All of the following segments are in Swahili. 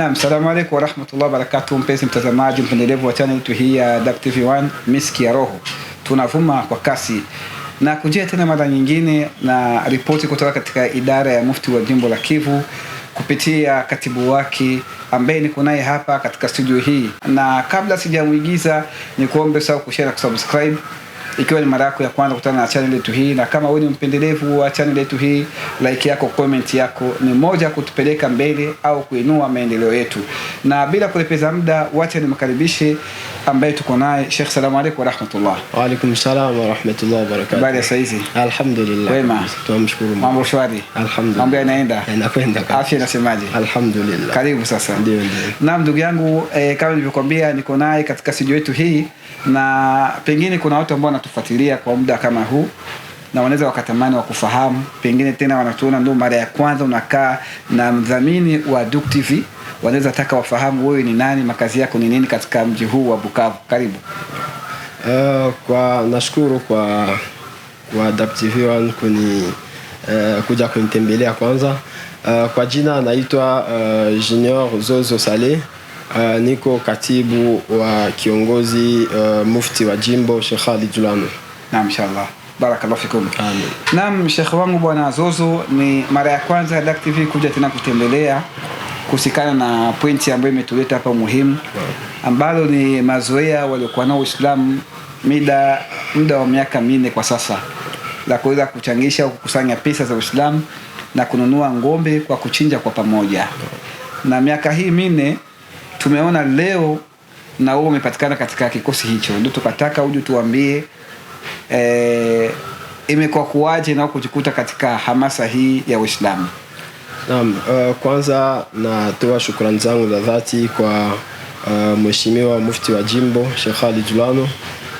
Naam, salamu alaykum wa rahmatullahi wa barakatuh, mpenzi mtazamaji mpendelevu wa channel yetu hii ya DAP TV1 Miski ya Roho, tunavuma kwa kasi na kujia tena mara nyingine na ripoti kutoka katika idara ya mufti wa jimbo la Kivu kupitia katibu wake ambaye niko naye hapa katika studio hii, na kabla sijamuigiza, nikuombe sawa kushare na kusubscribe ikiwa ni mara yako ya kwanza kutana na channel yetu hii, na kama wewe ni mpendelevu wa channel yetu hii, like yako, comment yako ni moja kutupeleka mbele au kuinua maendeleo yetu. Na bila kulepeza muda, wacha nimkaribishe ambaye tuko naye Sheikh. Salamu alaykum wa rahmatullah. Wa alaykum salam wa rahmatullah wa barakatuh. Habari ya saizi? alhamdulillah, wema, tunamshukuru Mungu. Mambo shwari, alhamdulillah. Mambo yanaenda, yanakwenda kabisa. Afya inasemaje? Alhamdulillah. Karibu sasa. Ndio, ndio. Naam, ndugu yangu, eh, kama nilivyokuambia, niko naye katika studio yetu hii, na pengine kuna watu ambao wanatufuatilia kwa muda kama huu na wanaweza wakatamani wa kufahamu, pengine tena wanatuona ndo mara ya kwanza unakaa na mdhamini wa Duk TV, wanaweza taka wafahamu wewe ni nani, makazi yako ni nini katika mji huu wa Bukavu. Karibu. Uh, kwa nashukuru kwa kwa Duk TV One kuni uh, kuja kunitembelea kwanza. Uh, kwa jina naitwa uh, Junior Zozo Saleh Uh, niko katibu wa kiongozi uh, mufti wa jimbo Sheikh Ali Julano. Naam, inshallah. Barakallahu fikum. Amin. Naam, Sheikh wangu bwana Zuzu, ni mara ya kwanza ya Dak TV kuja tena kutembelea kuhusikana na pointi ambayo imetuleta hapa muhimu ambalo ni mazoea waliokuwa nao Uislamu mida muda wa miaka minne kwa sasa la kuweza kuchangisha au kukusanya pesa za Uislamu na kununua ng'ombe kwa kuchinja kwa pamoja, na miaka hii minne tumeona leo na wewe umepatikana katika kikosi hicho, ndio tukataka uje tuambie e, eh, imekuwa kuwaje na kujikuta katika hamasa hii ya Uislamu? Naam, uh, kwanza natoa shukrani zangu za dhati kwa uh, Mheshimiwa Mufti wa Jimbo Sheikh Ali Julano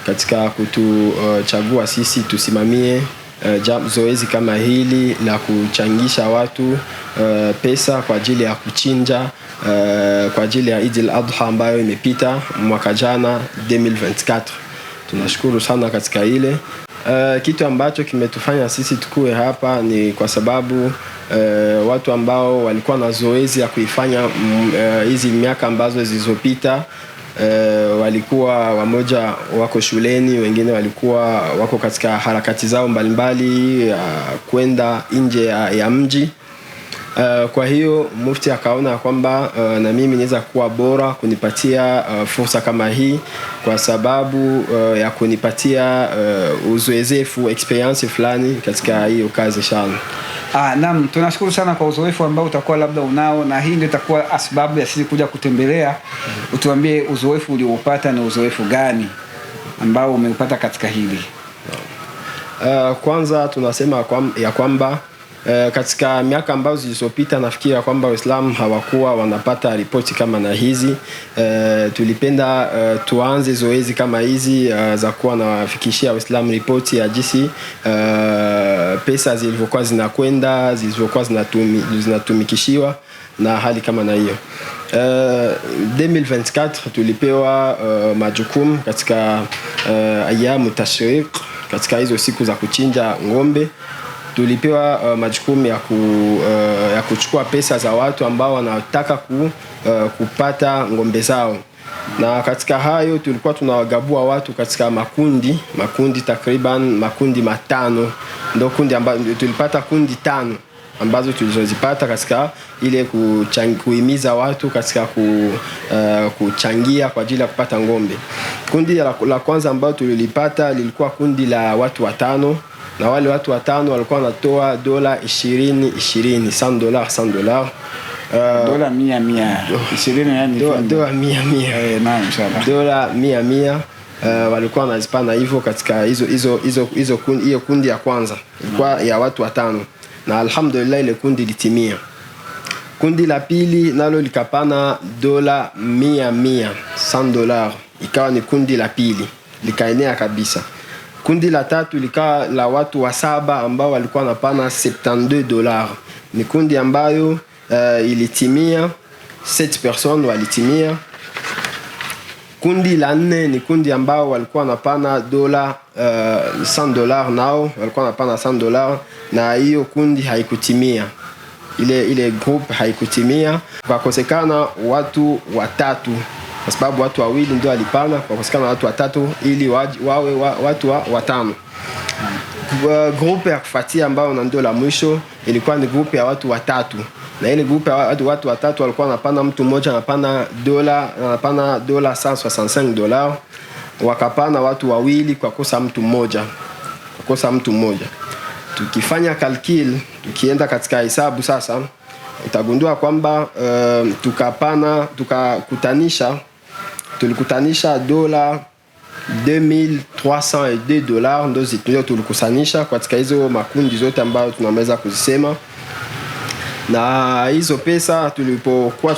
katika kutuchagua uh, sisi tusimamie uh, zoezi kama hili la kuchangisha watu uh, pesa kwa ajili ya kuchinja uh, kwa ajili ya Eid al-Adha ambayo imepita mwaka jana 2024. Tunashukuru sana katika ile Uh, kitu ambacho kimetufanya sisi tukue hapa ni kwa sababu uh, watu ambao walikuwa na zoezi ya kuifanya mm, hizi uh, miaka ambazo zilizopita Uh, walikuwa wamoja wako shuleni, wengine walikuwa wako katika harakati zao mbalimbali uh, kwenda nje ya, ya mji uh, kwa hiyo mufti akaona kwamba uh, na mimi niweza kuwa bora kunipatia uh, fursa kama hii, kwa sababu uh, ya kunipatia uh, uzoezefu experience fulani katika hiyo kazi shana. Ah, naam, tunashukuru sana kwa uzoefu ambao utakuwa labda unao, na hii ndio itakuwa sababu ya sisi kuja kutembelea. Utuambie uzoefu ulioupata na uzoefu gani ambao umeupata katika hili. Uh, kwanza tunasema ya kwamba E, katika miaka ambayo zilizopita nafikiri ya kwamba Waislamu hawakuwa wanapata ripoti kama na hizi e, tulipenda e, tuanze zoezi kama hizi e, za kuwa nawafikishia Waislamu ripoti ya jinsi e, pesa zilivyokuwa zinakwenda zilivyokuwa zinatumi, zinatumikishiwa na hali kama na hiyo. Uh, 2024 tulipewa uh, majukumu katika uh, ayamu tashriq katika hizo siku za kuchinja ng'ombe tulipewa uh, majukumu ya, ku, uh, ya kuchukua pesa za watu ambao wanataka ku, uh, kupata ng'ombe zao na katika hayo tulikuwa tunawagabua watu katika makundi makundi takriban makundi matano, ndo kundi ambazo tulipata kundi tano ambazo tulizozipata katika ile kuchang, kuhimiza watu katika ku, uh, kuchangia kwa ajili ya kupata ng'ombe. Kundi la, la kwanza ambayo tulilipata lilikuwa kundi la watu watano na wale watu watano walikuwa wanatoa dola ishirini ishirini, san dola san dola uh, dola mia mia dola mia mia eh, uh, walikuwa wanazipana hivyo katika hizo hizo hizo hizo kundi. Hiyo kundi ya kwanza ilikuwa ya watu watano, na alhamdulillah ile kundi litimia. Kundi la pili nalo likapana dola mia mia san dola, ikawa ni kundi la pili likaenea kabisa. Kundi la tatu likawa la watu wa saba ambao walikuwa wanapana 72 dola. Ni kundi ambayo uh, ilitimia 7 person walitimia. Kundi la nne ni kundi ambao walikuwa wanapana dola uh, 100 dola, nao walikuwa wanapana 100 dola, na hiyo kundi haikutimia ile, ile group haikutimia, kwa kosekana watu watatu kwa sababu watu wawili ndio walipanga kwa kusikana watu watatu ili wawe wa, watu wa, watano. Grupe eh, ya kufuatia ambayo na ndio la mwisho ilikuwa ni grupe ya watu watatu, na ile grupe ya watu, watu watatu walikuwa wanapanda, mtu mmoja anapanda dola anapanda dola 165 dola, wakapanda watu wawili kwa kosa mtu mmoja, kwa kosa mtu mmoja. Tukifanya kalkil, tukienda katika hesabu sasa, utagundua kwamba uh, tukapana tukakutanisha tulikutanisha dola 2302 dola ndo ndo tulikusanisha katika hizo makundi zote ambayo tunaweza kuzisema, na hizo pesa tulipokuwa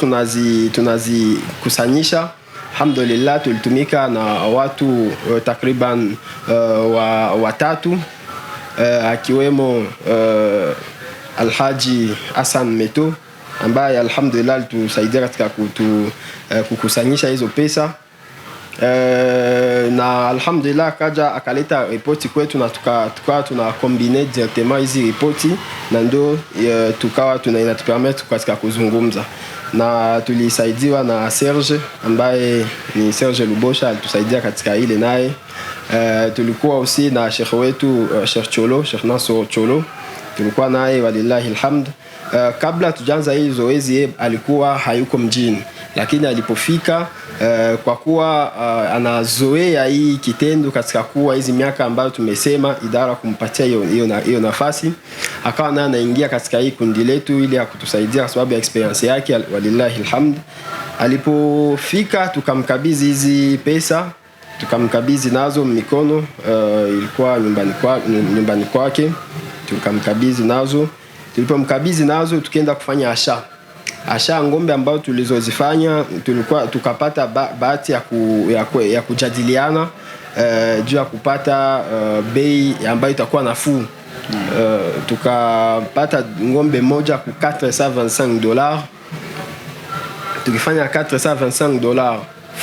tunazikusanyisha tunazi alhamdulillah, tulitumika na watu uh, takriban uh, wa, watatu uh, akiwemo uh, Alhaji Hassan Meto ambaye alhamdulillah alitusaidia katika kutu, uh, kukusanyisha hizo pesa uh, na alhamdulillah akaja akaleta ripoti kwetu na tukawa tuka, tuna combine directement hizi ripoti na ndio uh, tukawa tuna inatupermet katika kuzungumza na tulisaidiwa na Serge ambaye ni Serge Lubosha alitusaidia katika ile naye. Uh, tulikuwa usi na shekhe wetu uh, Sheikh Cholo Sheikh Nasor Cholo tulikuwa naye walillahi alhamd Uh, kabla tujaanza hii zoezi ye alikuwa hayuko mjini, lakini alipofika uh, kwa kuwa uh, anazoea hii kitendo katika kuwa hizi miaka ambayo tumesema idara kumpatia hiyo nafasi, akawa naye anaingia katika hii kundi letu ili akutusaidia kwa sababu ya experience yake. Walillahi alhamd, alipofika tukamkabidhi hizi pesa tukamkabidhi nazo mikono uh, ilikuwa nyumbani kwake, tukamkabidhi nazo Tulipomkabidhi nazo tukienda kufanya asha asha ng'ombe ambayo tulizozifanya tulikuwa tukapata bahati ya, ku, ya, ku, ya kujadiliana uh, juu ya kupata uh, bei ambayo itakuwa nafuu. Uh, tukapata ng'ombe moja ku 425 dollars. Tukifanya 425 dollars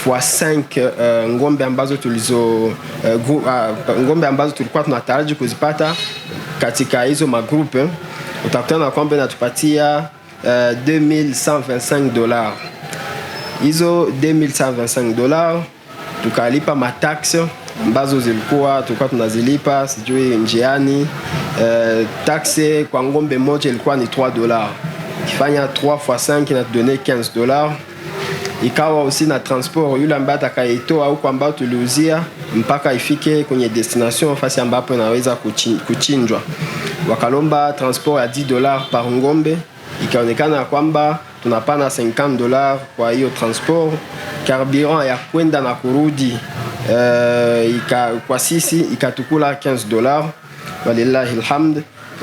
x 5 uh, ng'ombe ambazo tulizo uh, uh, ng'ombe ambazo tulikuwa tunataraji kuzipata katika hizo magrupe utakutana na kwamba inatupatia uh, 2125 dola. Hizo 2125 dola tukalipa mataxe ambazo zilikuwa tulikuwa tunazilipa sijui njiani. Uh, taxe kwa ngombe moja ilikuwa ni 3 dola, ukifanya 3 fois 5 inatudone 15 dola ikawa usi na transport yule ambaye atakayeitoa huko ambao tuliuzia mpaka ifike kwenye destination, fasi ambapo inaweza kuchinjwa. wakalomba transport ya 10 dollars par ngombe, ikaonekana kwamba tunapana 50 dollars kwa hiyo transport. Carburant ya kwenda na kurudi uh, ika, kwa sisi ikatukula 15 dollars.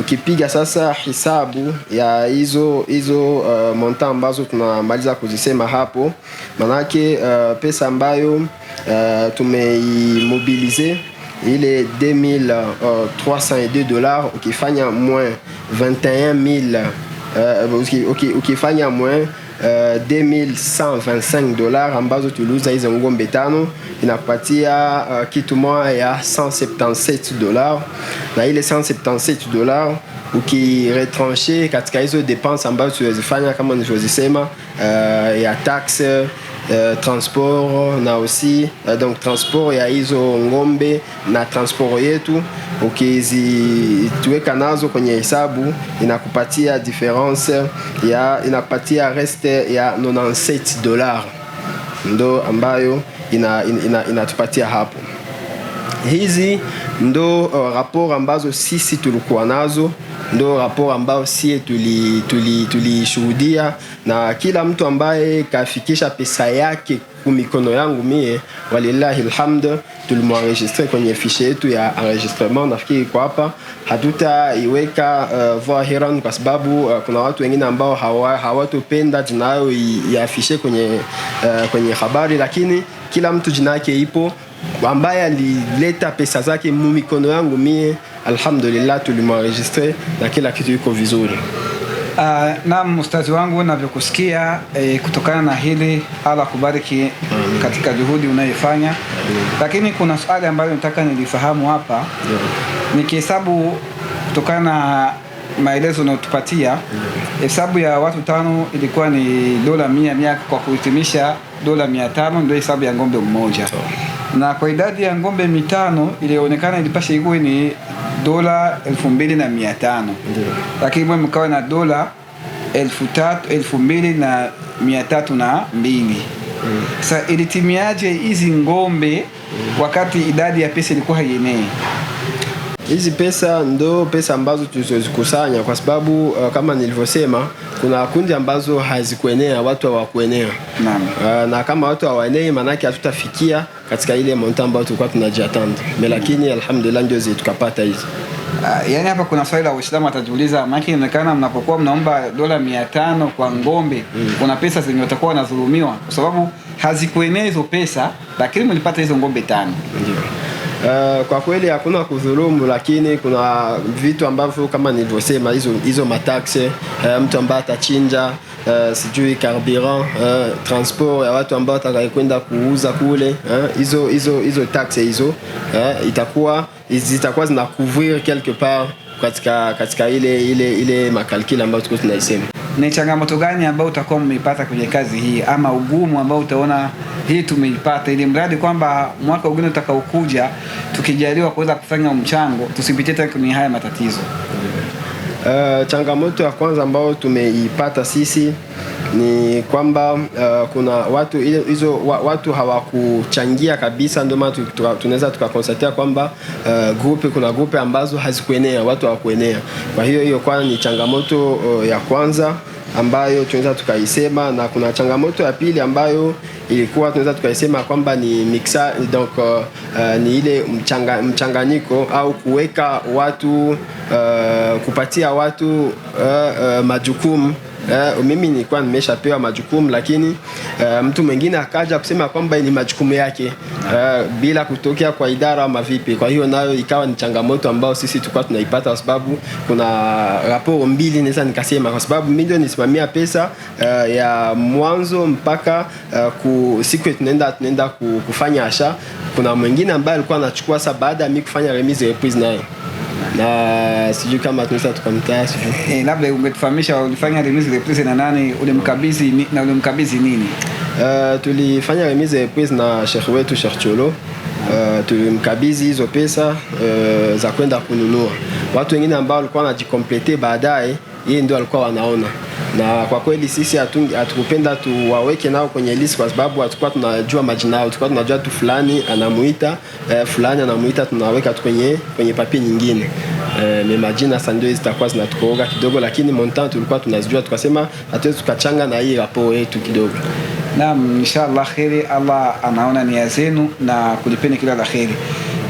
Ukipiga sasa hisabu ya hizo hizo uh, monta ambazo tunamaliza hapo, manake euh, pesa ambayo euh, ile 2302 euh, dollars ukifanya moins 21000 ukifanya euh, moins 2125 euh, dollars ambazo tuliuza hizo ng'ombe tano inakupatia uh, kitu moja ya 177 dollars, na ile 177 dollars ukiretranche katika hizo depense ambazo tuliozifanya kama nilivyozisema, uh, ya taxe uh, transport na aussi uh, donc transport ya hizo ngombe na transport yetu tuweka nazo kwenye hesabu inakupatia difference ya inakupatia reste ya 97 dollars ndo ambayo inatupatia ina, ina, ina hapo hizi ndo uh, ambazo sisi tulikuwa nazo, ndo rapport ambayo sie tulishuhudia tuli, tuli na kila mtu ambaye kafikisha pesa yake mikono yangu mie, walillahi alhamd, tulimwanregistre kwenye fiche yetu ya enregistrement. Nafikiri kwa hapa, hatutaiweka uh, dhahiran kwa sababu uh, kuna watu wengine ambao hawatopenda hawa jina yao iafishe kwenye, uh, kwenye habari, lakini kila mtu jina yake ipo ambaye alileta pesa zake mu mikono yangu mie, alhamdulillah tulimwaregistre na kila kitu yuko vizuri. Uh, naam ustazi wangu navyokusikia, eh, kutokana na hili Allah kubariki Amin. katika juhudi unayoifanya lakini kuna swali ambayo nataka nilifahamu hapa yeah. Nikihesabu kutokana na maelezo unayotupatia hesabu ya watu tano ilikuwa ni dola mia mia, kwa kuhitimisha dola mia tano ndio hesabu ya ng'ombe mmoja so na kwa idadi ya ng'ombe mitano ilionekana ilipasha ikuwe ni dola elfu mbili na mia tano lakini mwe mkawa na dola elfu tatu elfu mbili na mia tatu na mbili mm. sa Sasa ilitimiaje hizi ng'ombe wakati idadi ya pesa ilikuwa haienei? Hizi pesa ndo pesa ambazo tulizozikusanya kwa sababu uh, kama nilivyosema kuna kundi ambazo hazikuenea, watu hawakuenea. Naam. Uh, na kama watu hawaenei, maanake hatutafikia katika ile monta ambayo tulikuwa tunajiatanda me, lakini alhamdulillah ndio zi tukapata hizi. Uh, yaani hapa kuna swali la Uislamu atajiuliza, maana inaonekana mnapokuwa mnaomba dola mia tano kwa ngombe mm. kuna pesa zenye watakuwa wanadhulumiwa kwa sababu hazikuenea hizo pesa, lakini mlipata hizo ngombe tano. mm. Eh, kwa kweli hakuna kudhulumu, lakini kuna vitu ambavyo kama nilivyosema, hizo hizo mataxe uh, mtu ambaye atachinja uh, sijui carburant uh, transport ya watu ambao atakayekwenda kuuza kule hizo uh, hizo hizo taxe hizo uh, itakuwa zitakuwa couvrir quelque part katika katika ile ile ile makalkila ambayo tuko tunaisema. Ni changamoto gani ambayo utakuwa mmeipata kwenye kazi hii ama ugumu ambao utaona hii tumeipata, ili mradi kwamba mwaka ugine utakaokuja tukijaliwa kuweza kufanya mchango tusipitie tena kwenye haya matatizo? Uh, changamoto ya kwanza ambayo tumeipata sisi ni kwamba uh, kuna watu hizo watu hawakuchangia kabisa, ndio maana tunaweza tukakonstatia kwamba uh, grupe, kuna grupi ambazo hazikuenea, watu hawakuenea. Kwa hiyo hiyo kwa ni changamoto uh, ya kwanza ambayo tunaweza tukaisema, na kuna changamoto ya pili ambayo ilikuwa tunaweza tukaisema kwamba ni mixa, donc uh, uh ni ile mchanga, mchanganyiko au kuweka watu uh, kupatia watu uh, uh, majukumu Uh, mimi nilikuwa nimeshapewa majukumu lakini uh, mtu mwingine akaja kusema kwamba ni majukumu yake uh, bila kutokea kwa idara ama vipi. Kwa hiyo nayo ikawa ni changamoto ambayo sisi tulikuwa tunaipata, kwa sababu kuna raporo mbili naweza nikasema, kwa sababu mimi ndio nisimamia pesa uh, ya mwanzo mpaka uh, ku, siku tunaenda tunaenda kufanya asha, kuna mwingine ambaye alikuwa anachukua sasa baada ya mimi kufanya remise reprise naye na sijui kama tunaweza tukamtaa, sijui eh, labda umetufahamisha ulifanya remise reprise na nani, ulimkabidhi na ulimkabidhi nini? Uh, tulifanya remise reprise na shekhe wetu shekh Cholo. Uh, eh, tulimkabizi hizo pesa uh, za kwenda kununua. Watu wengine ambao walikuwa wanajikomplete baadaye, yeye ndio alikuwa wanaona na kwa kweli sisi hatukupenda tuwaweke nao kwenye list kwa sababu hatukuwa tunajua majina yao, tulikuwa tunajua tu fulani anamuita eh, fulani anamuita, tunaweka tu kwenye kwenye papi nyingine eh, ni majina sasa ndio zitakuwa zinatukooga kidogo, lakini montant tulikuwa tunazijua, tukasema hatuwezi tukachanga na hii rapo yetu kidogo. Naam, inshallah khairi, Allah anaona nia zenu na kulipeni kila la kheri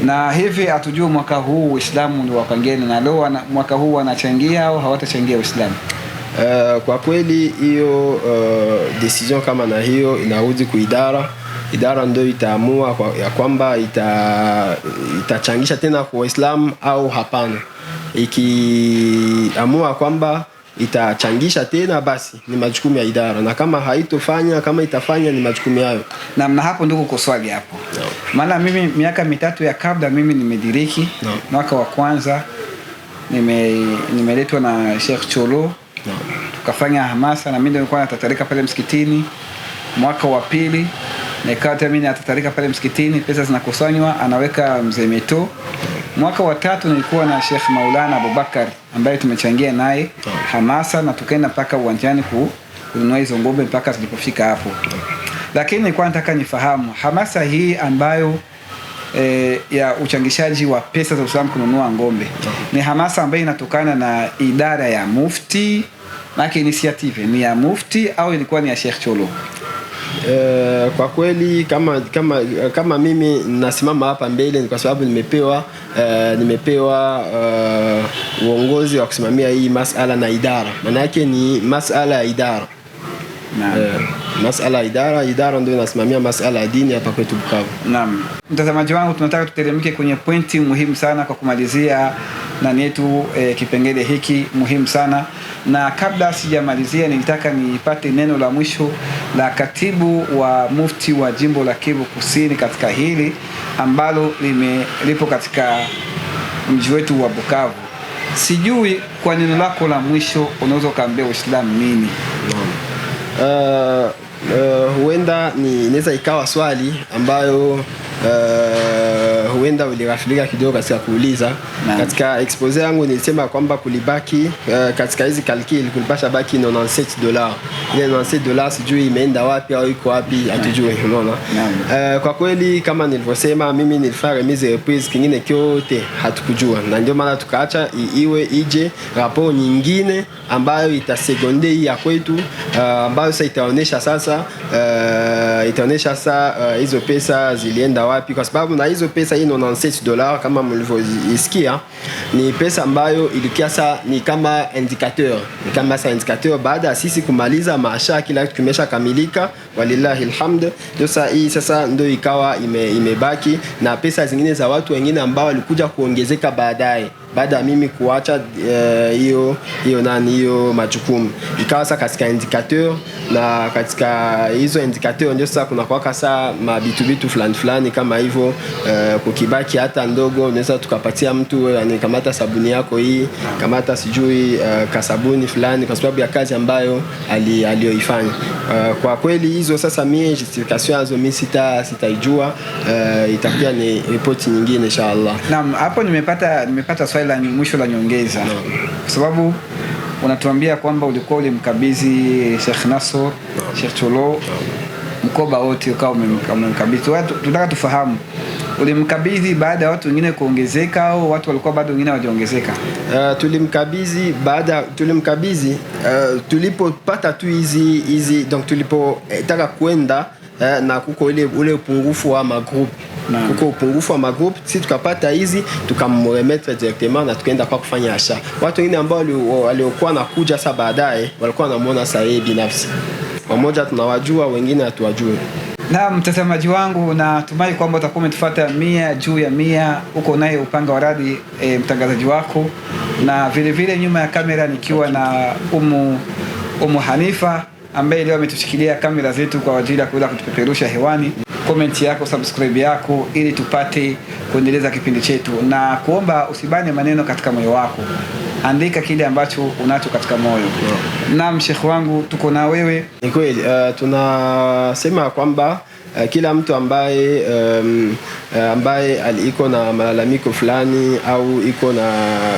na hivi hatujui mwaka huu Uislamu ni wapangeni na leo mwaka huu wanachangia au hawatachangia Uislamu? Uh, kwa kweli hiyo uh, decision kama na hiyo inarudi kuidara. Idara ndio itaamua kwa, ya kwamba ita, itachangisha tena kwa Waislamu au hapana. Ikiamua kwamba itachangisha tena, basi ni majukumu ya idara, na kama haitofanya, kama itafanya, ni majukumu yayo. Na mna hapo ndugu kuswali hapo no. Maana mimi miaka mitatu ya kabla mimi nimediriki no. Mwaka wa kwanza nimeletwa nime na Sheikh Cholo tukafanya hamasa, na mimi ndio nilikuwa natatarika pale msikitini mwaka wa pili nikawa tena mimi natatarika pale msikitini, pesa zinakusanywa, anaweka mzee Meto. Mwaka wa tatu nilikuwa na Sheikh Maulana Abubakar ambaye tumechangia naye hamasa na tukaenda mpaka uwanjani ku kununua hizo ngombe mpaka zilipofika hapo. Lakini nilikuwa nataka nifahamu hamasa hii ambayo e, ya uchangishaji wa pesa za Uislamu kununua ngombe ni hamasa ambayo inatokana na idara ya mufti Maanake initiative ni ya mufti au ilikuwa ni ya Sheikh Cholo? Uh, kwa kweli kama kama kama mimi nasimama hapa mbele ni kwa sababu nimepewa uh, nimepewa uh, uongozi wa kusimamia hii masala na idara. Maana yake ni masala ya idara uh, masala ya idara, idara ndio inasimamia masala ya dini hapa kwetu Bukavu. Naam, mtazamaji wangu, tunataka tuteremke kwenye pointi muhimu sana kwa kumalizia ndani yetu e, kipengele hiki muhimu sana. Na kabla sijamalizia, nilitaka nipate neno la mwisho la katibu wa mufti wa jimbo la Kivu Kusini katika hili ambalo lipo katika mji wetu wa Bukavu. Sijui kwa neno lako la mwisho unaweza ukaambia Uislamu nini? Uh, uh, huenda ni inaweza ikawa swali ambayo uh, huenda ulighafilika kidogo katika kuuliza. Man. Katika expose yangu nilisema kwamba kulibaki uh, katika hizi calcul kulipasha baki 97 dola. Ile 97 dola sijui imeenda wapi au iko wapi, hatujui. Unaona, uh, kwa kweli kama nilivyosema, mimi nilifanya remise reprise, kingine kyote hatukujua, na ndio maana tukaacha iwe ije rapo nyingine ambayo itasegonde hii ya kwetu, uh, ambayo sasa itaonesha sasa, uh, itaonesha sasa hizo uh, pesa zilienda wapi, kwa sababu na hizo pesa hii 97 dollars kama mlivyoisikia, ni pesa ambayo ilikuwa sa ni kama indicateur ni kama sa indicateur baada ya sisi kumaliza maasha, kila kitu kamilika walillahi alhamd. Ndio hii sasa ndio ikawa ime, imebaki na pesa zingine za watu wengine ambao walikuja kuongezeka baadaye baada ya mimi kuacha eh, hiyo uh, hiyo nani hiyo majukumu ikawa sasa katika indicateur na katika hizo indicateur ndio sasa kuna kwa kasa mabitu bitu fulani fulani kama hivyo uh, kukibaki hata ndogo unaweza tukapatia mtu yani, kamata sabuni yako hii kamata sijui uh, kasabuni fulani kwa sababu ya kazi ambayo ali, aliyoifanya uh, kwa kweli hizo sasa mie justification yazo mi sita sitaijua uh, itakuwa ni ripoti nyingine inshallah naam hapo nimepata nimepata swali la mwisho la nyongeza, kwa sababu unatuambia kwamba ulikuwa ulimkabidhi Sheikh Nasor, Sheikh Cholo mkoba wote ukawa umemkabidhi. Tunataka tufahamu ulimkabidhi baada ya watu wengine kuongezeka au watu walikuwa bado wengine hawajaongezeka? Uh, tulimkabidhi baada tulimkabidhi uh, tulipopata tu hizi hizi, donc tulipotaka eh, kwenda eh, na kuko ule ule upungufu wa magrupu mm. kuko upungufu wa magroup, si tukapata hizi tukamremetre directement na tukaenda kwa kufanya asha. Watu wengine ambao waliokuwa nakuja sasa baadaye walikuwa wanamwona saa yeye binafsi. Wamoja tunawajua, wengine hatuwajui. Na mtazamaji wangu, natumai kwamba utakuwa umetufuata mia juu ya mia, huko naye upanga wa radi e, mtangazaji wako na vile vile nyuma ya kamera nikiwa na umu, umu Hanifa ambaye leo ametushikilia kamera zetu kwa ajili ya kuweza kutupeperusha hewani komenti yako, subscribe yako, ili tupate kuendeleza kipindi chetu, na kuomba usibane maneno katika moyo wako, andika kile ambacho unacho katika moyo yeah. Naam, Sheikh wangu, tuko na wewe. Ni kweli uh, tunasema kwamba Eh, kila mtu ambaye um, ambaye iko na malalamiko fulani au iko na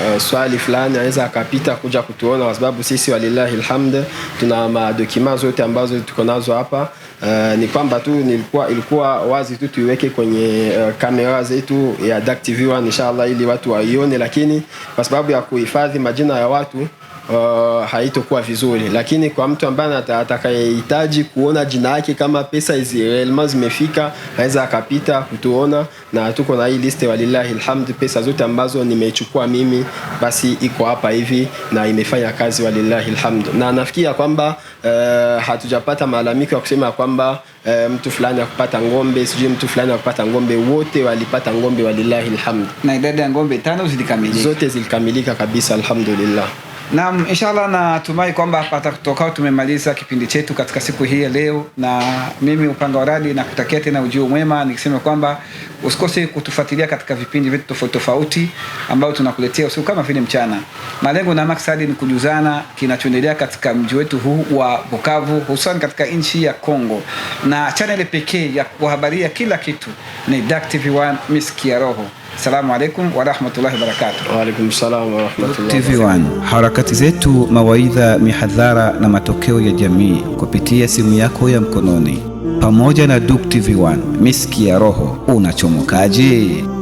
eh, swali fulani anaweza akapita kuja kutuona, kwa sababu sisi walillahi alhamd tuna madokima zote ambazo tuko nazo hapa. Uh, ni kwamba tu nilikuwa, ilikuwa wazi tu tuiweke kwenye uh, kamera zetu ya DAC TV1 inshallah, ili watu waione, lakini kwa sababu ya kuhifadhi majina ya watu uh, eh, haitokuwa vizuri, lakini kwa mtu ambaye atakayehitaji kuona jina yake kama pesa hizi zimefika, anaweza akapita kutuona, na tuko na hii liste, walillahi alhamd, pesa zote ambazo nimechukua mimi basi iko hapa hivi na imefanya kazi, walillahi alhamd, na nafikiria kwamba uh, hatujapata malalamiko ya kusema kwamba uh, mtu fulani akupata ngombe sijui mtu fulani akupata ngombe, wote walipata ngombe, walillahi alhamd, na idadi ya ngombe tano zilikamilika, zote zilikamilika kabisa, alhamdulillah. Naam, inshallah natumai kwamba pata kutoka tumemaliza kipindi chetu katika siku hii ya leo, na mimi Upanga wa Radi na kutakia tena ujio mwema, nikisema kwamba usikose kutufuatilia katika vipindi vyetu tofauti tofauti ambayo tunakuletea usiku kama vile mchana. Malengo na maksadi ni kujuzana kinachoendelea katika mji wetu huu wa Bukavu, hususan katika nchi ya Kongo, na chaneli pekee ya kuhabaria kila kitu ni DAK TV1 Miski ya Roho. Assalamu alaikum warahmatullahi wabarakatuh. Wa alaikum salaam warahmatullahi TV1, harakati zetu, mawaidha, mihadhara na matokeo ya jamii kupitia simu yako ya mkononi pamoja na Duk TV1. Miski ya roho, unachomokaje?